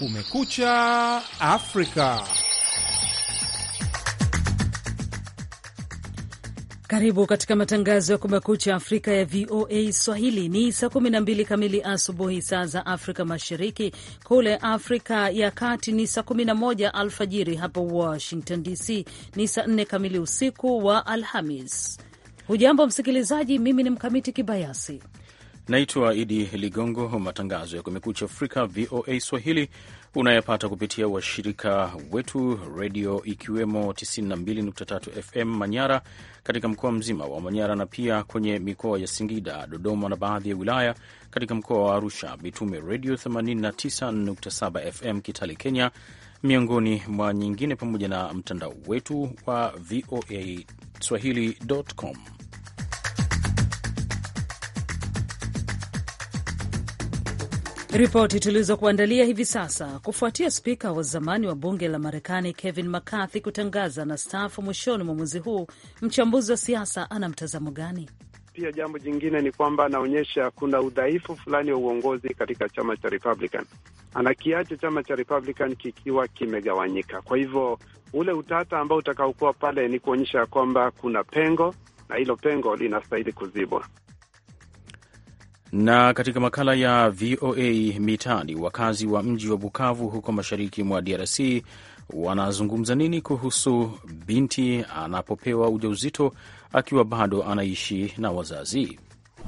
Kumekucha Afrika. Karibu katika matangazo ya Kumekucha Afrika ya VOA Swahili. Ni saa 12 kamili asubuhi saa za Afrika Mashariki, kule Afrika ya Kati ni saa 11 alfajiri. Hapa Washington DC ni saa 4 kamili usiku wa Alhamis. Hujambo msikilizaji, mimi ni Mkamiti Kibayasi Naitwa Idi Ligongo. Matangazo ya Kumekucha Afrika VOA Swahili unayapata kupitia washirika wetu redio, ikiwemo 92.3 FM Manyara katika mkoa mzima wa Manyara na pia kwenye mikoa ya Singida, Dodoma na baadhi ya wilaya katika mkoa wa Arusha, Mitume Redio 89.7 FM Kitale, Kenya, miongoni mwa nyingine, pamoja na mtandao wetu wa VOA swahili.com. Ripoti tulizokuandalia hivi sasa. Kufuatia spika wa zamani wa bunge la Marekani Kevin McCarthy kutangaza na staafu mwishoni mwa mwezi huu, mchambuzi wa siasa ana mtazamo gani? Pia jambo jingine ni kwamba anaonyesha kuna udhaifu fulani wa uongozi katika chama cha Republican. Anakiacha chama cha Republican kikiwa kimegawanyika. Kwa hivyo ule utata ambao utakaokuwa pale ni kuonyesha kwamba kuna pengo na hilo pengo linastahili kuzibwa. Na katika makala ya VOA Mitaani, wakazi wa mji wa Bukavu huko mashariki mwa DRC wanazungumza nini kuhusu binti anapopewa ujauzito akiwa bado anaishi na wazazi?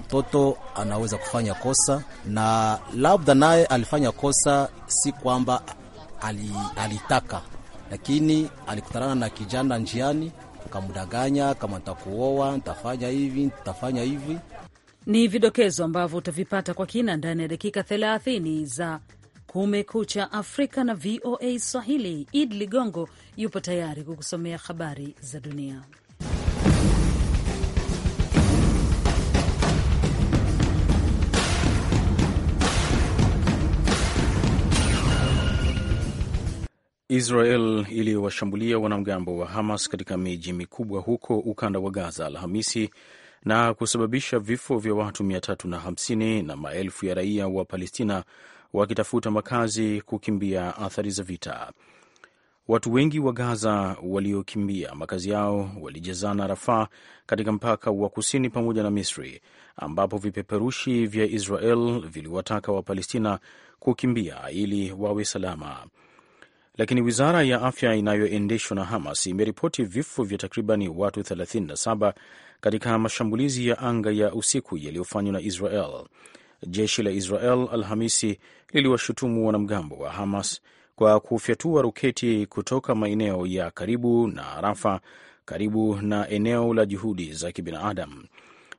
Mtoto anaweza kufanya kosa, na labda naye alifanya kosa, si kwamba alitaka, lakini alikutana na kijana njiani, kamdanganya kama ntakuoa, ntafanya hivi, ntafanya hivi ni vidokezo ambavyo utavipata kwa kina ndani ya dakika 30 za Kumekucha Afrika na VOA Swahili. Id Ligongo yupo tayari kukusomea habari za dunia. Israel iliyowashambulia wanamgambo wa Hamas katika miji mikubwa huko ukanda wa Gaza Alhamisi na kusababisha vifo vya watu 350 na maelfu ya raia wa Palestina wakitafuta makazi kukimbia athari za vita. Watu wengi wa Gaza waliokimbia makazi yao walijazana Rafaa katika mpaka wa kusini pamoja na Misri, ambapo vipeperushi vya Israel viliwataka Wapalestina kukimbia ili wawe salama lakini wizara ya afya inayoendeshwa na Hamas imeripoti vifo vya takribani watu 37 katika mashambulizi ya anga ya usiku yaliyofanywa na Israel. Jeshi la Israel Alhamisi liliwashutumu wanamgambo wa Hamas kwa kufyatua roketi kutoka maeneo ya karibu na Rafa, karibu na eneo la juhudi za kibinadamu.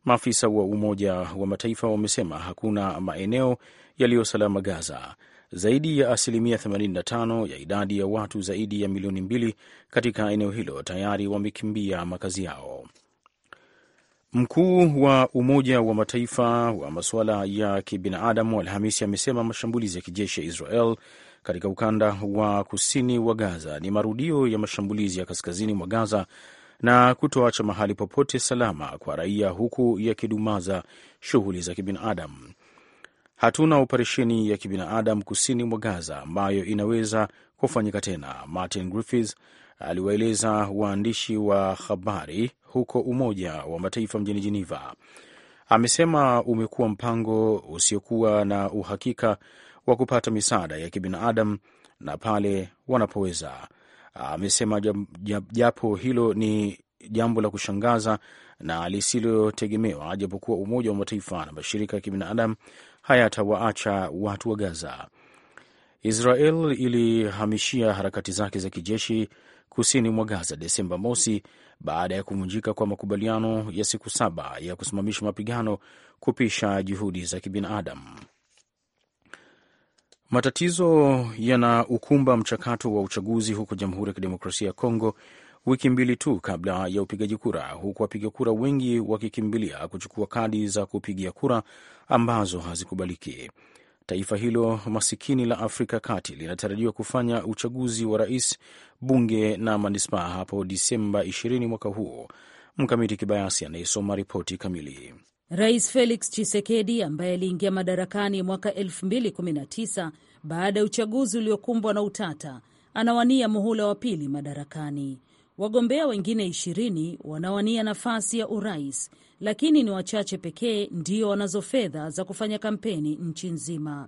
Maafisa wa Umoja wa Mataifa wamesema hakuna maeneo yaliyosalama Gaza. Zaidi ya asilimia 85 ya idadi ya watu zaidi ya milioni mbili katika eneo hilo tayari wamekimbia makazi yao. Mkuu wa Umoja wa Mataifa wa masuala ya kibinadamu Alhamisi amesema mashambulizi ya kijeshi ya Israel katika ukanda wa kusini wa Gaza ni marudio ya mashambulizi ya kaskazini mwa Gaza na kutoacha mahali popote salama kwa raia huku yakidumaza shughuli za kibinadamu. Hatuna operesheni ya kibinadamu kusini mwa Gaza ambayo inaweza kufanyika tena, Martin Griffiths aliwaeleza waandishi wa habari huko Umoja wa Mataifa mjini jeneva Amesema umekuwa mpango usiokuwa na uhakika wa kupata misaada ya kibinadamu na pale wanapoweza. Amesema japo hilo ni jambo la kushangaza na lisilotegemewa, japokuwa Umoja wa Mataifa na mashirika ya kibinadamu hayatawaacha watu wa Gaza. Israel ilihamishia harakati zake za kijeshi kusini mwa Gaza Desemba mosi baada ya kuvunjika kwa makubaliano ya siku saba ya kusimamisha mapigano kupisha juhudi za kibinadamu. Matatizo yanaukumba mchakato wa uchaguzi huko Jamhuri ya Kidemokrasia ya Kongo wiki mbili tu kabla ya upigaji kura, huku wapiga kura wengi wakikimbilia kuchukua kadi za kupigia kura ambazo hazikubaliki. Taifa hilo masikini la Afrika Kati linatarajiwa kufanya uchaguzi wa rais, bunge na manispaa hapo Disemba 20 mwaka huu. Mkamiti Kibayasi anayesoma ripoti kamili. Rais Felix chisekedi ambaye aliingia madarakani mwaka 2019 baada ya uchaguzi uliokumbwa na utata, anawania muhula wa pili madarakani. Wagombea wengine ishirini wanawania nafasi ya urais, lakini ni wachache pekee ndio wanazo fedha za kufanya kampeni nchi nzima.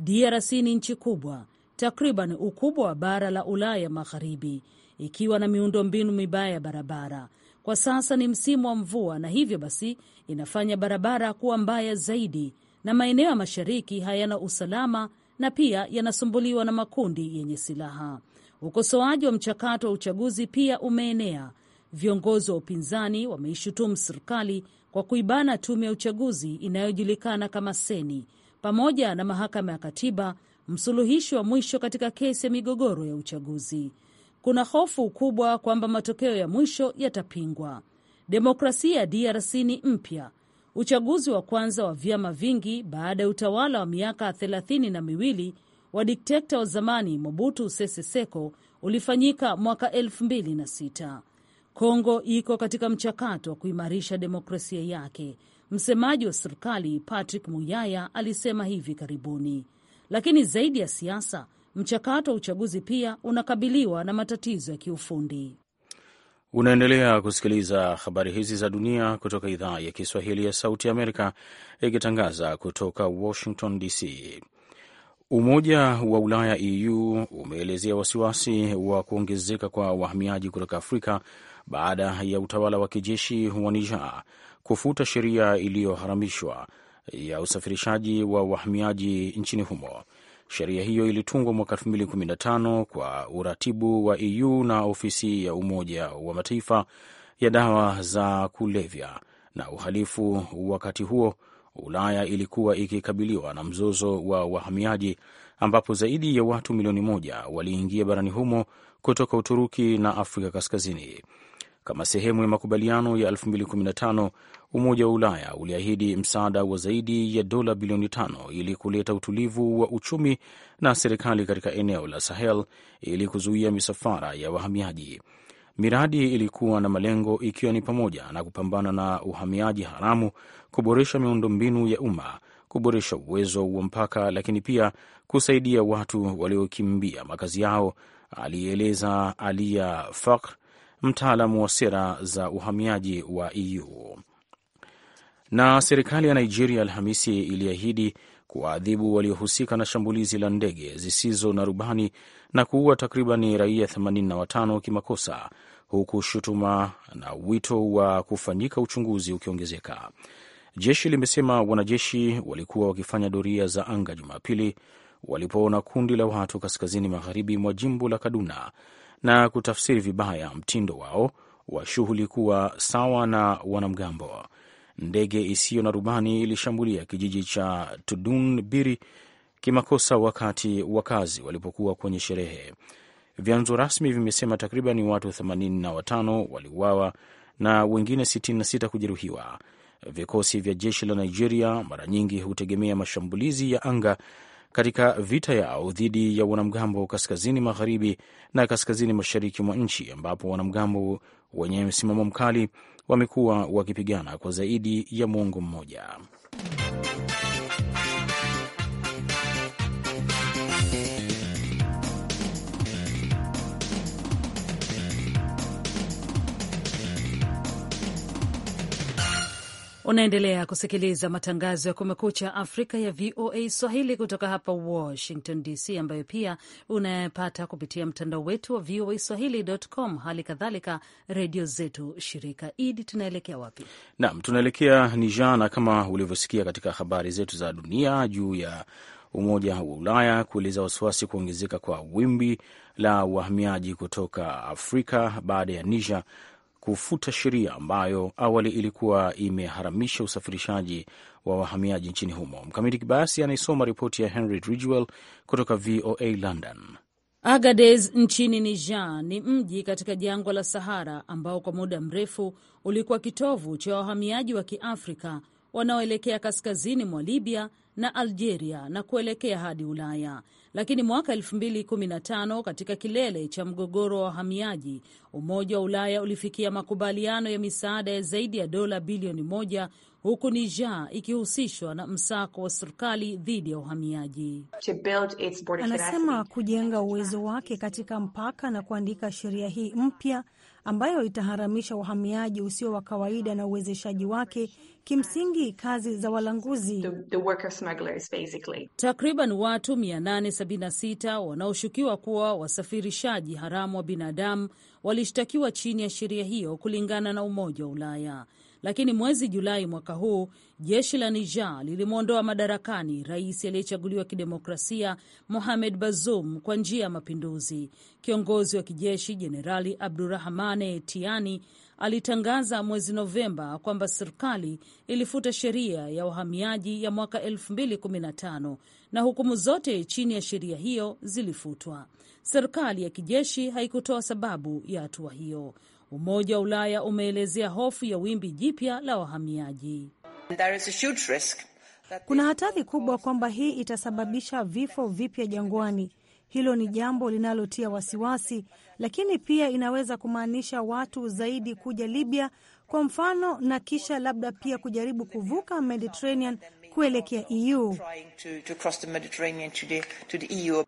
DRC ni nchi kubwa, takriban ukubwa wa bara la Ulaya Magharibi, ikiwa na miundombinu mibaya ya barabara. Kwa sasa ni msimu wa mvua, na hivyo basi inafanya barabara kuwa mbaya zaidi, na maeneo ya mashariki hayana usalama na pia yanasumbuliwa na makundi yenye silaha. Ukosoaji wa mchakato wa uchaguzi pia umeenea. Viongozi wa upinzani wameishutumu serikali kwa kuibana tume ya uchaguzi inayojulikana kama Seni pamoja na mahakama ya katiba, msuluhishi wa mwisho katika kesi ya migogoro ya uchaguzi. Kuna hofu kubwa kwamba matokeo ya mwisho yatapingwa. Demokrasia ya DRC ni mpya uchaguzi wa kwanza wa vyama vingi baada ya utawala wa miaka thelathini na miwili wa dikteta wa zamani Mobutu Sese Seko ulifanyika mwaka elfu mbili na sita. Kongo iko katika mchakato wa kuimarisha demokrasia yake, msemaji wa serikali Patrick Muyaya alisema hivi karibuni. Lakini zaidi ya siasa, mchakato wa uchaguzi pia unakabiliwa na matatizo ya kiufundi. Unaendelea kusikiliza habari hizi za dunia kutoka idhaa ya Kiswahili ya Sauti Amerika ikitangaza kutoka Washington DC. Umoja wa Ulaya EU umeelezea wasiwasi wa kuongezeka kwa wahamiaji kutoka Afrika baada ya utawala wa kijeshi wa Niger kufuta sheria iliyoharamishwa ya usafirishaji wa wahamiaji nchini humo. Sheria hiyo ilitungwa mwaka 2015 kwa uratibu wa EU na ofisi ya Umoja wa Mataifa ya dawa za kulevya na uhalifu. Wakati huo Ulaya ilikuwa ikikabiliwa na mzozo wa wahamiaji ambapo zaidi ya watu milioni moja waliingia barani humo kutoka Uturuki na Afrika Kaskazini. Kama sehemu ya makubaliano ya 2015, Umoja wa Ulaya uliahidi msaada wa zaidi ya dola bilioni tano ili kuleta utulivu wa uchumi na serikali katika eneo la Sahel ili kuzuia misafara ya wahamiaji. Miradi ilikuwa na malengo ikiwa ni pamoja na kupambana na uhamiaji haramu, kuboresha miundombinu ya umma, kuboresha uwezo wa mpaka, lakini pia kusaidia watu waliokimbia makazi yao, alieleza Alia Fakr, mtaalamu wa sera za uhamiaji wa EU. Na serikali ya Nigeria Alhamisi iliahidi kuwaadhibu waliohusika na shambulizi la ndege zisizo na rubani na kuua takriban raia 85 kimakosa, huku shutuma na wito wa kufanyika uchunguzi ukiongezeka. Jeshi limesema wanajeshi walikuwa wakifanya doria za anga Jumapili walipoona kundi la watu kaskazini magharibi mwa jimbo la Kaduna na kutafsiri vibaya mtindo wao wa shughuli kuwa sawa na wanamgambo. Ndege isiyo na rubani ilishambulia kijiji cha Tudun Biri kimakosa wakati wakazi walipokuwa kwenye sherehe. Vyanzo rasmi vimesema takriban watu 85 waliuawa na wengine 66 kujeruhiwa. Vikosi vya jeshi la Nigeria mara nyingi hutegemea mashambulizi ya anga katika vita yao dhidi ya wanamgambo kaskazini magharibi na kaskazini mashariki mwa nchi ambapo wanamgambo wenye msimamo mkali wamekuwa wakipigana kwa zaidi ya mwongo mmoja. Unaendelea kusikiliza matangazo ya Kumekucha Afrika ya VOA Swahili kutoka hapa Washington DC, ambayo pia unayapata kupitia mtandao wetu wa VOA Swahili.com, hali kadhalika redio zetu shirika. Idi, tunaelekea wapi? Naam, tunaelekea Niger, na kama ulivyosikia katika habari zetu za dunia juu ya Umoja wa Ulaya kueleza wasiwasi kuongezeka kwa wimbi la wahamiaji kutoka Afrika baada ya Niger kufuta sheria ambayo awali ilikuwa imeharamisha usafirishaji wa wahamiaji nchini humo. Mkamiti Kibayasi anaisoma ripoti ya Henry Ridgewell kutoka VOA London. Agadez nchini Niger ni mji katika jangwa la Sahara ambao kwa muda mrefu ulikuwa kitovu cha wahamiaji wa Kiafrika wanaoelekea kaskazini mwa Libya na Algeria na kuelekea hadi Ulaya. Lakini mwaka 2015 katika kilele cha mgogoro wa wahamiaji, Umoja wa Ulaya ulifikia makubaliano ya misaada ya zaidi ya dola bilioni moja huku Niger ikihusishwa na msako wa serikali dhidi ya uhamiaji. Anasema kujenga uwezo wake katika mpaka na kuandika sheria hii mpya ambayo itaharamisha uhamiaji usio wa kawaida na uwezeshaji wake, kimsingi kazi za walanguzi. The, the takriban watu 876 wanaoshukiwa kuwa wasafirishaji haramu wa binadamu walishtakiwa chini ya sheria hiyo, kulingana na Umoja wa Ulaya lakini mwezi Julai mwaka huu jeshi la Niger lilimwondoa madarakani rais aliyechaguliwa kidemokrasia Mohamed Bazoum kwa njia ya mapinduzi. Kiongozi wa kijeshi Jenerali Abdurahmane Tiani alitangaza mwezi Novemba kwamba serikali ilifuta sheria ya uhamiaji ya mwaka 2015 na hukumu zote chini ya sheria hiyo zilifutwa. Serikali ya kijeshi haikutoa sababu ya hatua hiyo. Umoja wa Ulaya umeelezea hofu ya wimbi jipya la wahamiaji. Kuna hatari kubwa kwamba hii itasababisha vifo vipya jangwani. Hilo ni jambo linalotia wasiwasi, lakini pia inaweza kumaanisha watu zaidi kuja Libya kwa mfano, na kisha labda pia kujaribu kuvuka Mediterranean kuelekea EU.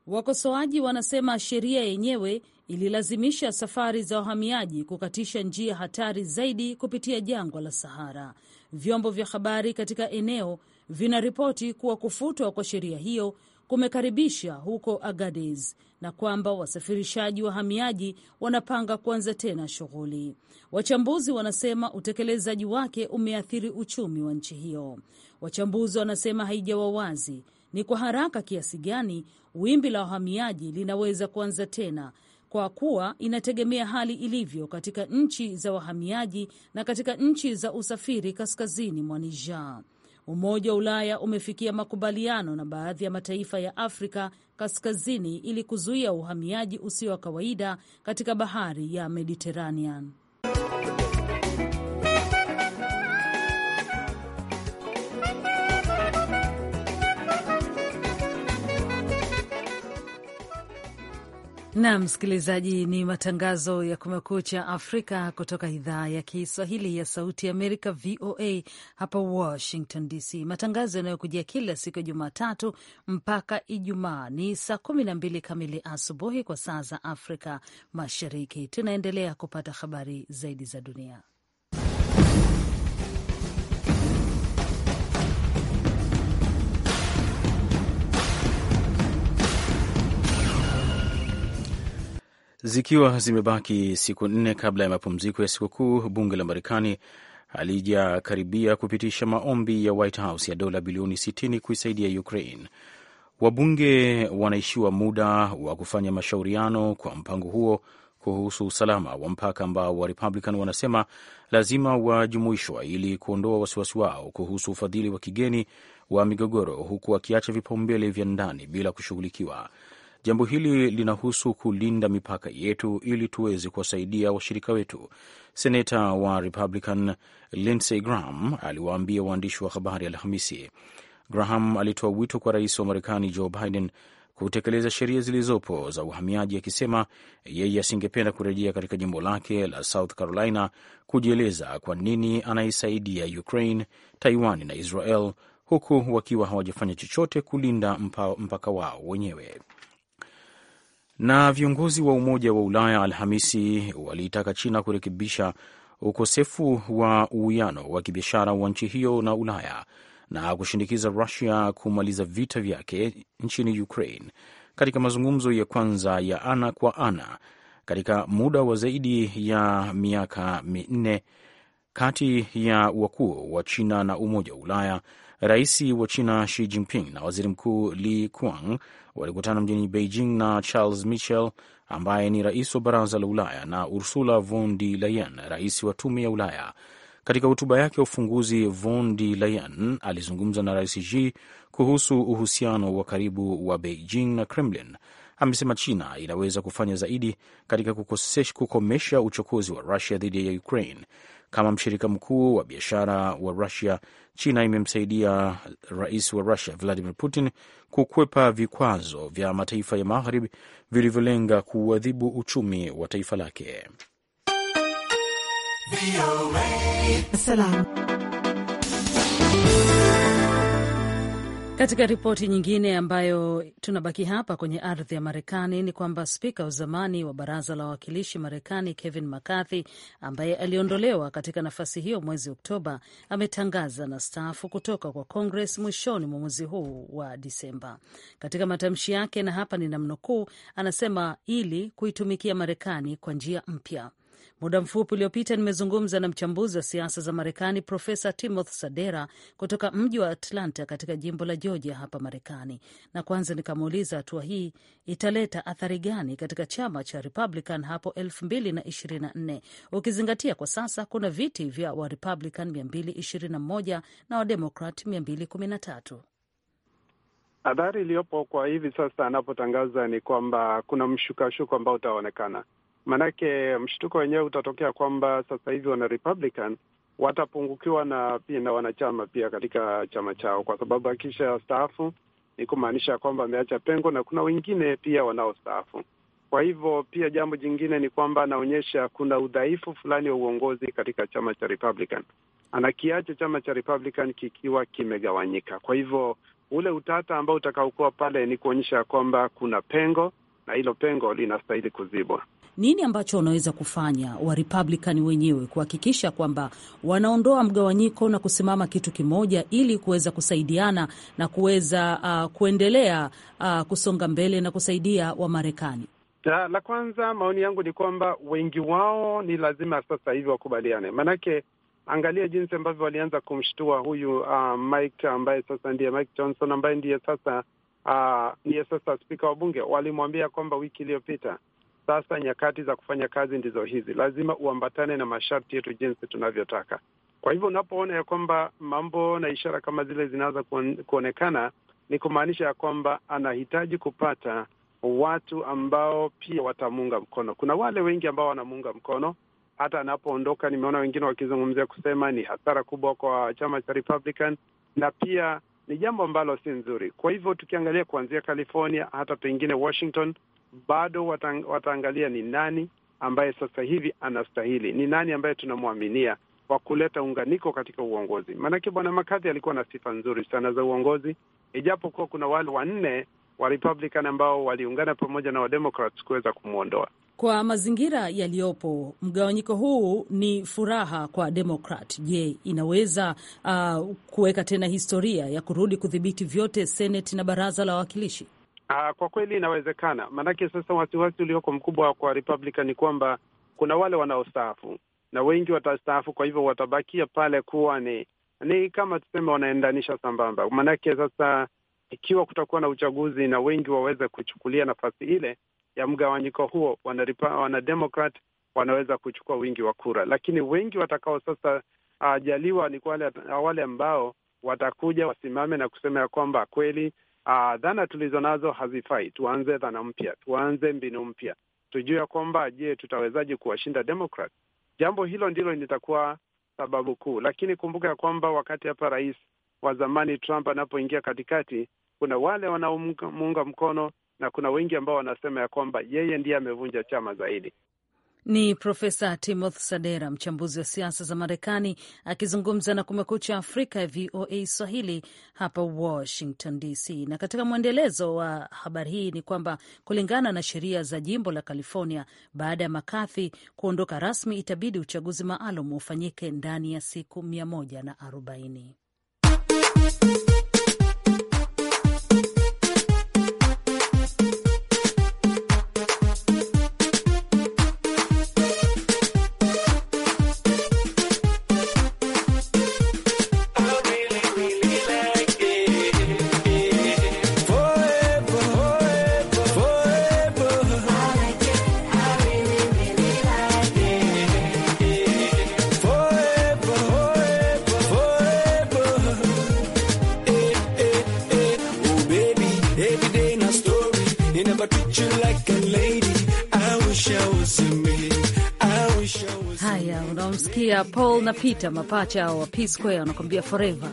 Wakosoaji wanasema sheria yenyewe ililazimisha safari za wahamiaji kukatisha njia hatari zaidi kupitia jangwa la Sahara. Vyombo vya habari katika eneo vinaripoti kuwa kufutwa kwa sheria hiyo kumekaribisha huko Agadez na kwamba wasafirishaji wahamiaji wanapanga kuanza tena shughuli. Wachambuzi wanasema utekelezaji wake umeathiri uchumi wa nchi hiyo. Wachambuzi wanasema haijawa wazi ni kwa haraka kiasi gani wimbi la wahamiaji linaweza kuanza tena kwa kuwa inategemea hali ilivyo katika nchi za wahamiaji na katika nchi za usafiri kaskazini mwa Niger. Umoja wa Ulaya umefikia makubaliano na baadhi ya mataifa ya Afrika kaskazini ili kuzuia uhamiaji usio wa kawaida katika bahari ya Mediterranean. na msikilizaji, ni matangazo ya Kumekucha Afrika kutoka idhaa ya Kiswahili ya Sauti ya Amerika, VOA hapa Washington DC. Matangazo yanayokujia kila siku ya Jumatatu mpaka Ijumaa ni saa kumi na mbili kamili asubuhi kwa saa za Afrika Mashariki. Tunaendelea kupata habari zaidi za dunia. Zikiwa zimebaki siku nne kabla ya mapumziko ya sikukuu, bunge la Marekani halijakaribia kupitisha maombi ya White House ya dola bilioni 60 kuisaidia Ukraine. Wabunge wanaishiwa muda wa kufanya mashauriano kwa mpango huo kuhusu usalama wa mpaka ambao Warepublican wanasema lazima wajumuishwa ili kuondoa wasiwasi wao kuhusu ufadhili wa kigeni wa migogoro, huku wakiacha vipaumbele vya ndani bila kushughulikiwa. Jambo hili linahusu kulinda mipaka yetu ili tuweze kuwasaidia washirika wetu. Seneta wa Republican Lindsey Graham aliwaambia waandishi wa habari Alhamisi. Graham alitoa wito kwa rais wa Marekani Joe Biden kutekeleza sheria zilizopo za uhamiaji, akisema yeye asingependa kurejea katika jimbo lake la South Carolina kujieleza kwa nini anaisaidia Ukraine, Taiwan na Israel huku wakiwa hawajafanya chochote kulinda mpaka wao wenyewe. Na viongozi wa Umoja wa Ulaya Alhamisi waliitaka China kurekebisha ukosefu wa uwiano wa kibiashara wa nchi hiyo na Ulaya na kushindikiza Rusia kumaliza vita vyake nchini Ukraine katika mazungumzo ya kwanza ya ana kwa ana katika muda wa zaidi ya miaka minne kati ya wakuu wa China na Umoja wa Ulaya Rais wa China Xi Jinping na waziri mkuu Li Kuang walikutana mjini Beijing na Charles Michel ambaye ni rais wa baraza la Ulaya na Ursula von der Leyen, rais wa tume ya Ulaya. Katika hotuba yake ya ufunguzi, von der Leyen alizungumza na rais Xi kuhusu uhusiano wa karibu wa Beijing na Kremlin. Amesema China inaweza kufanya zaidi katika kukomesha uchokozi wa Rusia dhidi ya Ukraine kama mshirika mkuu wa biashara wa Rusia, China imemsaidia rais wa Rusia Vladimir Putin kukwepa vikwazo vya mataifa ya magharibi vilivyolenga kuuadhibu uchumi wa taifa lake. Salam. Katika ripoti nyingine ambayo tunabaki hapa kwenye ardhi ya Marekani ni kwamba spika wa zamani wa baraza la wawakilishi Marekani Kevin McCarthy ambaye aliondolewa katika nafasi hiyo mwezi Oktoba ametangaza na staafu kutoka kwa Kongres mwishoni mwa mwezi huu wa Disemba. Katika matamshi yake, na hapa ni ninamnukuu, anasema ili kuitumikia Marekani kwa njia mpya Muda mfupi uliopita nimezungumza na mchambuzi wa siasa za Marekani Profesa Timothy Sadera kutoka mji wa Atlanta katika jimbo la Georgia hapa Marekani, na kwanza nikamuuliza hatua hii italeta athari gani katika chama cha Republican hapo 2024 ukizingatia kwa sasa kuna viti vya wa 221 na wademokrat 213. Athari iliyopo kwa hivi sasa anapotangaza ni kwamba kuna mshukashuko ambao utaonekana Maanake mshtuko wenyewe utatokea kwamba sasa hivi wana Republican watapungukiwa na pia na wanachama pia katika chama chao, kwa sababu akisha staafu ni kumaanisha kwamba ameacha pengo, na kuna wengine pia wanaostaafu. Kwa hivyo pia jambo jingine ni kwamba anaonyesha kuna udhaifu fulani wa uongozi katika chama cha Republican. Anakiacha chama cha Republican kikiwa kimegawanyika. Kwa hivyo ule utata ambao utakaokuwa pale ni kuonyesha kwamba kuna pengo na hilo pengo linastahili kuzibwa nini ambacho wanaweza kufanya wa Republican wenyewe kuhakikisha kwamba wanaondoa mgawanyiko na kusimama kitu kimoja ili kuweza kusaidiana na kuweza uh, kuendelea uh, kusonga mbele na kusaidia Wamarekani? La, la kwanza maoni yangu ni kwamba wengi wao ni lazima sasa hivi wakubaliane, maanake angalia jinsi ambavyo walianza kumshtua huyu uh, Mike ambaye sasa ndiye Mike Johnson ambaye ndiye sasa uh, ndiye sasa spika wa bunge. Walimwambia kwamba wiki iliyopita sasa nyakati za kufanya kazi ndizo hizi, lazima uambatane na masharti yetu jinsi tunavyotaka. Kwa hivyo unapoona ya kwamba mambo na ishara kama zile zinaweza kuonekana, ni kumaanisha ya kwamba anahitaji kupata watu ambao pia watamuunga mkono. Kuna wale wengi ambao wanamuunga mkono hata anapoondoka. Nimeona wengine wakizungumzia kusema ni hasara kubwa kwa chama cha Republican, na pia ni jambo ambalo si nzuri. Kwa hivyo tukiangalia kuanzia California hata pengine Washington, bado watang, wataangalia ni nani ambaye sasa hivi anastahili, ni nani ambaye tunamwaminia wa kuleta unganiko katika uongozi. Maanake bwana Makadhi alikuwa na sifa nzuri sana za uongozi, ijapokuwa kuna wale wanne wa Republican ambao waliungana pamoja na Wademokrats kuweza kumwondoa. Kwa mazingira yaliyopo, mgawanyiko huu ni furaha kwa Demokrat. Je, inaweza uh, kuweka tena historia ya kurudi kudhibiti vyote seneti na baraza la wawakilishi? Uh, kwa kweli inawezekana, maanake sasa wasiwasi ulioko mkubwa kwa Republican ni kwamba kuna wale wanaostaafu na wengi watastaafu, kwa hivyo watabakia pale kuwa ni ni kama tuseme wanaendanisha sambamba. Maanake sasa ikiwa kutakuwa na uchaguzi na wengi waweze kuchukulia nafasi ile ya mgawanyiko huo, wanademokrat wanaweza kuchukua wingi wa kura, lakini wengi watakao sasa ajaliwa ah, ni wale ambao watakuja wasimame na kusema ya kwamba kweli uh, dhana tulizo nazo hazifai. Tuanze dhana mpya, tuanze mbinu mpya, tujue kwamba je, tutawezaje kuwashinda demokrat Jambo hilo ndilo litakuwa sababu kuu, lakini kumbuka ya kwamba wakati hapa rais wa zamani Trump anapoingia katikati, kuna wale wanaomuunga mkono na kuna wengi ambao wanasema ya kwamba yeye ndiye amevunja chama zaidi. Ni Profesa Timothy Sadera, mchambuzi wa siasa za Marekani, akizungumza na Kumekucha Afrika ya VOA Swahili hapa Washington DC. Na katika mwendelezo wa habari hii ni kwamba kulingana na sheria za jimbo la California, baada ya McCarthy kuondoka rasmi, itabidi uchaguzi maalum ufanyike ndani ya siku 140. Nigeria, Paul na Peter mapacha wa P Square wanakuambia forever.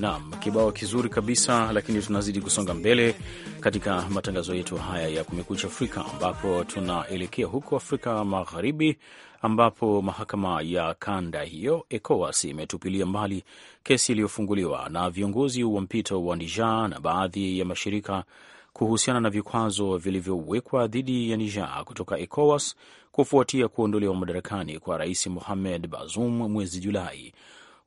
Naam, kibao kizuri kabisa, lakini tunazidi kusonga mbele katika matangazo yetu haya ya Kumekucha Afrika, ambapo tunaelekea huko Afrika Magharibi, ambapo mahakama ya kanda hiyo ECOWAS imetupilia mbali kesi iliyofunguliwa na viongozi wa mpito wa Niger na baadhi ya mashirika kuhusiana na vikwazo vilivyowekwa dhidi ya Niger kutoka ECOWAS kufuatia kuondolewa madarakani kwa rais Mohamed Bazoum mwezi Julai.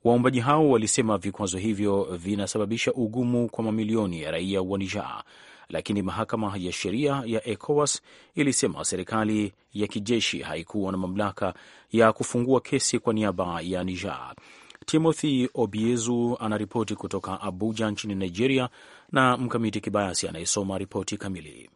Waombaji hao walisema vikwazo hivyo vinasababisha ugumu kwa mamilioni ya raia wa Niger, lakini mahakama ya sheria ya ECOWAS ilisema serikali ya kijeshi haikuwa na mamlaka ya kufungua kesi kwa niaba ya Niger. Timothy Obiezu anaripoti kutoka Abuja nchini Nigeria, na Mkamiti Kibayasi anayesoma ripoti kamili.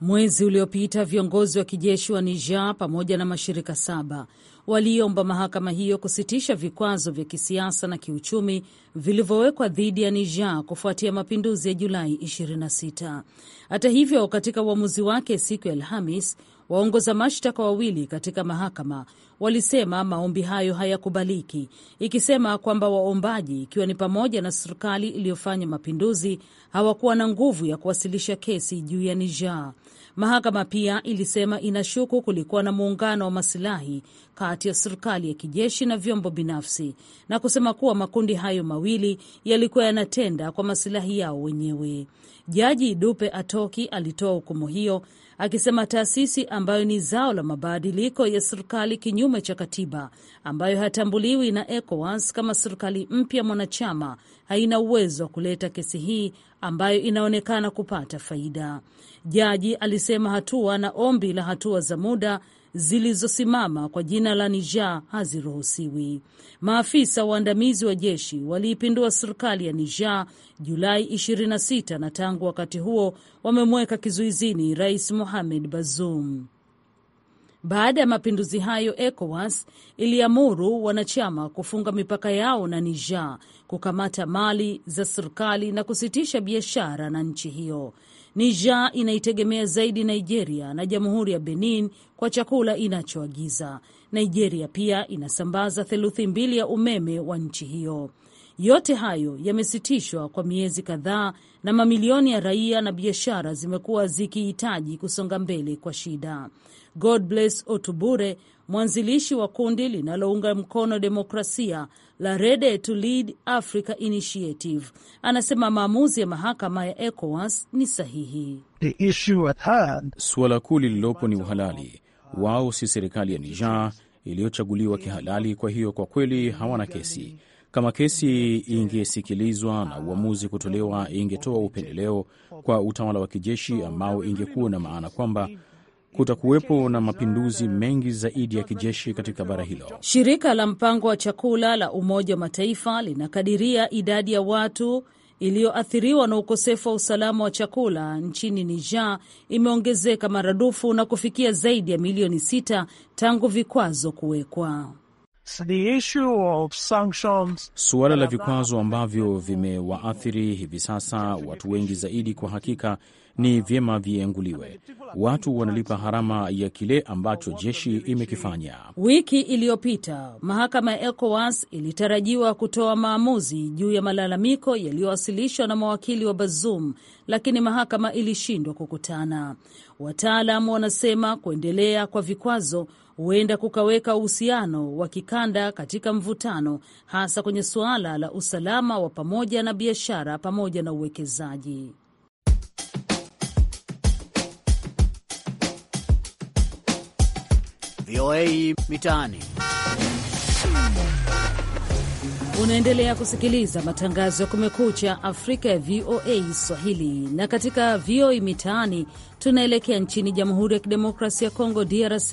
Mwezi uliopita viongozi wa kijeshi wa Niger pamoja na mashirika saba waliomba mahakama hiyo kusitisha vikwazo vya kisiasa na kiuchumi vilivyowekwa dhidi ya Niger kufuatia mapinduzi ya Julai 26. Hata hivyo, katika uamuzi wake siku ya Alhamis, Waongoza mashtaka wawili katika mahakama walisema maombi hayo hayakubaliki, ikisema kwamba waombaji, ikiwa ni pamoja na serikali iliyofanya mapinduzi, hawakuwa na nguvu ya kuwasilisha kesi juu ya Niger. Mahakama pia ilisema inashuku kulikuwa na muungano wa masilahi kati ya serikali ya kijeshi na vyombo binafsi na kusema kuwa makundi hayo mawili yalikuwa yanatenda kwa masilahi yao wenyewe. Jaji Dupe Atoki alitoa hukumu hiyo akisema taasisi ambayo ni zao la mabadiliko ya serikali kinyume cha katiba ambayo hatambuliwi na ECOWAS kama serikali mpya mwanachama haina uwezo wa kuleta kesi hii ambayo inaonekana kupata faida. Jaji alisema hatua na ombi la hatua za muda zilizosimama kwa jina la Niger haziruhusiwi. Maafisa waandamizi wa jeshi waliipindua serikali ya Niger Julai 26 na tangu wakati huo wamemweka kizuizini Rais Mohamed Bazoum. Baada ya mapinduzi hayo, ECOWAS iliamuru wanachama kufunga mipaka yao na Niger, kukamata mali za serikali na kusitisha biashara na nchi hiyo. Niger inaitegemea zaidi Nigeria na jamhuri ya Benin kwa chakula inachoagiza. Nigeria pia inasambaza theluthi mbili ya umeme wa nchi hiyo. Yote hayo yamesitishwa kwa miezi kadhaa, na mamilioni ya raia na biashara zimekuwa zikihitaji kusonga mbele kwa shida. God Bless Otubure, mwanzilishi wa kundi linalounga mkono demokrasia la Ready to Lead Africa Initiative anasema maamuzi ya mahakama ya ECOWAS ni sahihi. Suala kuu lililopo ni uhalali. Wao si serikali ya Niger iliyochaguliwa kihalali, kwa hiyo kwa kweli hawana kesi. Kama kesi ingesikilizwa na uamuzi kutolewa, ingetoa upendeleo kwa utawala wa kijeshi ambao ingekuwa na maana kwamba kutakuwepo na mapinduzi mengi zaidi ya kijeshi katika bara hilo. Shirika la mpango wa chakula la Umoja wa Mataifa linakadiria idadi ya watu iliyoathiriwa na ukosefu wa usalama wa chakula nchini Niger imeongezeka maradufu na kufikia zaidi ya milioni sita tangu vikwazo kuwekwa. Suala la vikwazo ambavyo vimewaathiri hivi sasa watu wengi zaidi, kwa hakika ni vyema vienguliwe. Watu wanalipa gharama ya kile ambacho jeshi imekifanya. Wiki iliyopita mahakama ya ECOWAS ilitarajiwa kutoa maamuzi juu ya malalamiko yaliyowasilishwa na mawakili wa Bazoum, lakini mahakama ilishindwa kukutana. Wataalamu wanasema kuendelea kwa vikwazo huenda kukaweka uhusiano wa kikanda katika mvutano, hasa kwenye suala la usalama wa pamoja na biashara pamoja na uwekezaji. VOA Mitaani. Unaendelea kusikiliza matangazo ya Kumekucha Afrika ya VOA Swahili, na katika VOA Mitaani tunaelekea nchini Jamhuri ya Kidemokrasia ya Kongo, DRC,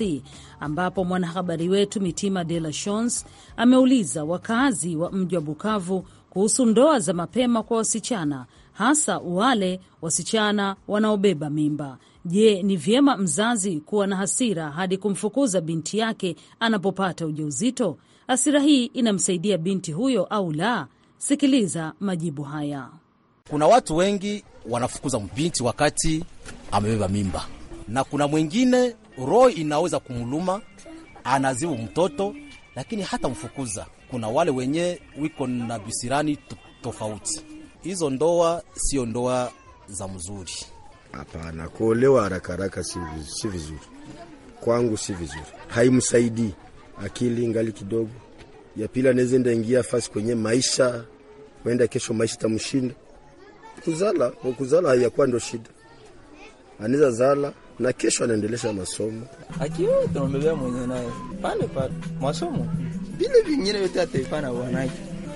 ambapo mwanahabari wetu Mitima De La Shons ameuliza wakazi wa mji wa Bukavu kuhusu ndoa za mapema kwa wasichana, hasa wale wasichana wanaobeba mimba. Je, ni vyema mzazi kuwa na hasira hadi kumfukuza binti yake anapopata ujauzito? Hasira hii inamsaidia binti huyo au la? Sikiliza majibu haya. Kuna watu wengi wanafukuza binti wakati amebeba mimba, na kuna mwingine roho inaweza kumuluma anazibu mtoto, lakini hata mfukuza. Kuna wale wenye wiko na bisirani tofauti. Hizo ndoa sio ndoa za mzuri. Hapana, kuolewa haraka haraka si, si vizuri kwangu, si vizuri, haimsaidii akili ngali kidogo. Ya pili anaweza enda ingia fasi kwenye maisha, wenda kesho maisha tamshinda. Kuzala kuzala hayakuwa ndo shida, anaweza zala na kesho anaendelesha masomo akiwa mwenye naye pale pale masomo vile vingine vyote ataipana wanake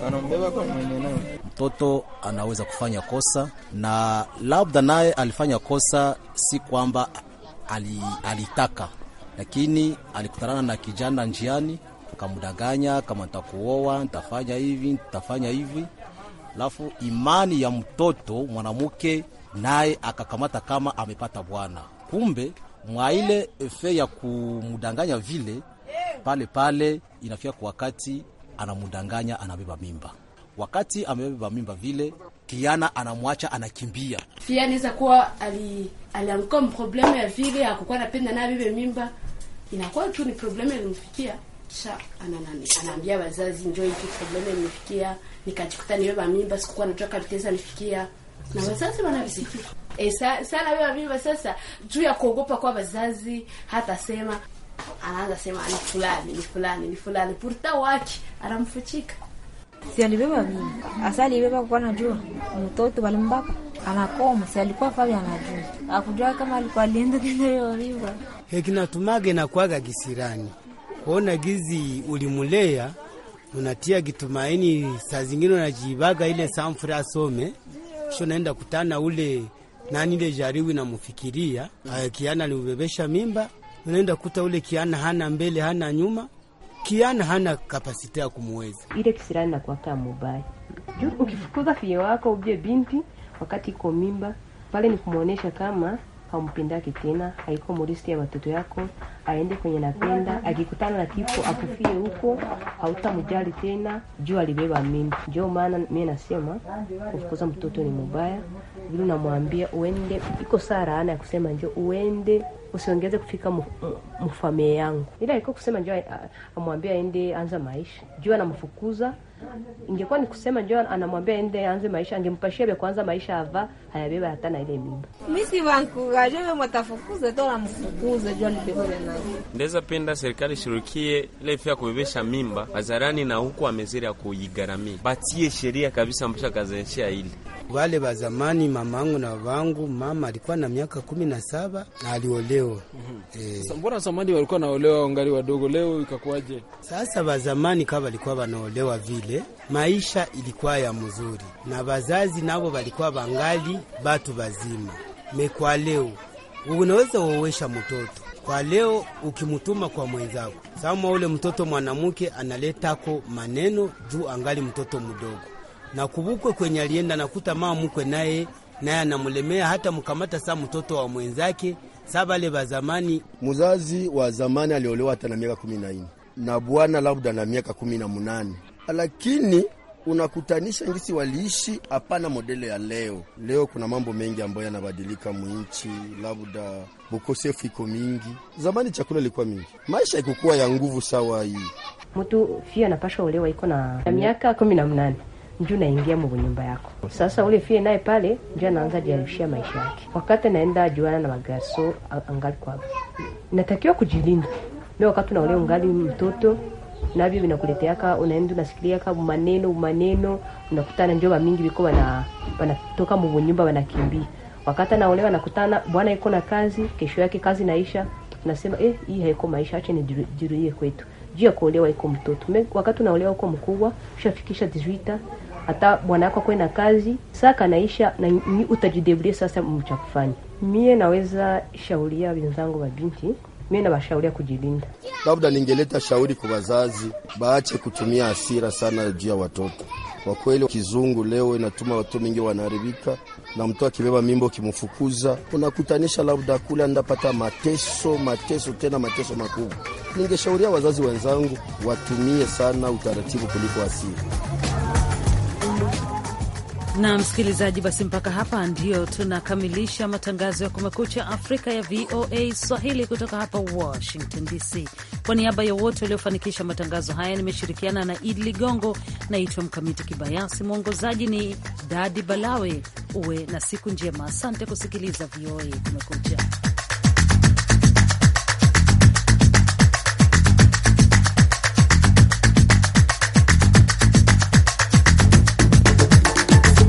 anambeba kwa mwenye naye mtoto anaweza kufanya kosa, na labda naye alifanya kosa, si kwamba alitaka, lakini alikutana na kijana njiani, kamdanganya kama ntakuoa, ntafanya hivi, ntafanya hivi, alafu imani ya mtoto mwanamke naye akakamata kama amepata bwana, kumbe mwaile efe ya kumdanganya vile pale pale, inafika kwa wakati anamdanganya, anabeba mimba wakati amebeba mimba vile, Kiana anamwacha anakimbia. Pia anaweza kuwa ali alianguka mproblemu ya vile akukuwa napenda naye bebe mimba, inakuwa tu ni problemu ilimfikia kisha anaambia wazazi, njo hiki problemu imenifikia, nikajikuta nibeba mimba, sikukuwa najua kabisa nifikia, na wazazi wanavisikia e, sa, sana beba mimba. Sasa juu ya kuogopa kwa wazazi, hata sema anaanza sema ni fulani ni fulani ni fulani, purta waki anamfuchika si alibeba mimi asa alibeba kwa najua mtoto wale mbaba anakoma, si alikuwa fabi anajua akujua kama alikuwa alienda kwenye hiyo Hekina tumage na kuaga kisirani kuona gizi ulimulea unatia kitumaini, saa zingine unajibaga ile samfura asome kisho naenda kutana ule nani ile jariwi namufikiria kiana alimbebesha mimba, unaenda kuta ule kiana hana mbele hana nyuma kiana hana kapasite ya kumuweza ile kisirani na kuwaka mubaya juu. Ukifukuza fie wako uje binti wakati iko mimba pale, ni kumuonesha kama hampendaki tena, haiko muristi ya watoto yako, aende kwenye napenda. Akikutana na kifo akufie huko, hautamjali tena juu alibeba mimba. Ndio maana mimi nasema kufukuza mtoto ni mubaya, vile namwambia uende, iko sara ana ya kusema njo uende usiongeze kufika mfamie yangu. Ila alikuwa kusema njoo eh, amwambia aende anza maisha, juu anamfukuza. Ingekuwa ni kusema njoo anamwambia aende anze maisha, angempashia vya kuanza maisha ava hayabeba hata na ile mimba. Misi wangu ajewe mwatafukuze to namfukuze njoo alibebele nayo. Ndeza penda serikali shirikie ile ifia kubebesha mimba hadharani na huko amezira kuigaramia. Batie sheria kabisa mpaka kazenshia ile wale wa zamani, mamangu na babangu. Mama alikuwa na miaka kumi na saba na aliolewa. Mhm. Eh. Mbona zamani walikuwa naolewa wangali wadogo, leo ikakuwaje? Sasa zamani kawa walikuwa wanaolewa vile, maisha ilikuwa ya mzuri, na wazazi nabo walikuwa bangali batu bazima. Mekwa leo unaweza uowesha mtoto kwa leo ukimutuma kwa mwenzako sama, ule mtoto mwanamke analetako maneno juu angali mtoto mdogo na kubukwe kwenye alienda nakuta mama mkwe naye naye anamulemea hata mkamata saa mtoto wa mwenzake saa vale va zamani. muzazi wa zamani aliolewa hata na miaka kumi na nne na bwana labda na miaka kumi na munane lakini unakutanisha ngisi waliishi, hapana modele ya leo. Leo kuna mambo mengi ambayo yanabadilika mwinchi, labda bukosefu iko mingi. Zamani chakula ilikuwa mingi, maisha ikukuwa ya nguvu sawa. Hii mtu fia anapashwa olewa iko na miaka kumi na mnane ndio naingia mwa nyumba yako. Sasa ule fie naye pale ndio anaanza jarushia maisha yake, wakati naenda juana na magaso angali kwao. Natakiwa kujilinda mi wakati naule ungali mtoto navyo vinakuleteaka unaenda ka maneno maneno, unakutana njoba mingi viko wana wanatoka mu nyumba wanakimbia. Wakati naolewa nakutana bwana iko na kazi, kesho yake kazi naisha, nasema eh, hii haiko maisha, acha jiruie kwetu. Juu ya kuolewa iko mtoto. Wakati unaolewa uko mkubwa, ushafikisha 18 hata bwana yako kwenda kazi saa kanaisha na ni utajidebulia sasa mcha kufanya. Mie naweza shauria wenzangu wa binti, mie nawashauria kujilinda. Labda ningeleta shauri kwa wazazi, baache kutumia asira sana juu ya watoto. Kwa kweli kizungu leo inatuma watu mingi wanaharibika, na mtu akibeba mimbo kimfukuza, unakutanisha labda kule ndapata mateso mateso, tena mateso makubwa. Ningeshauria wazazi wenzangu watumie sana utaratibu kuliko hasira na msikilizaji, basi mpaka hapa ndio tunakamilisha matangazo ya Kumekucha Afrika ya VOA Swahili kutoka hapa Washington DC. Kwa niaba ya wote waliofanikisha matangazo haya, nimeshirikiana na Idi Ligongo. Naitwa Mkamiti Kibayasi, mwongozaji ni Dadi Balawe. Uwe na siku njema, asante kusikiliza VOA Kumekucha.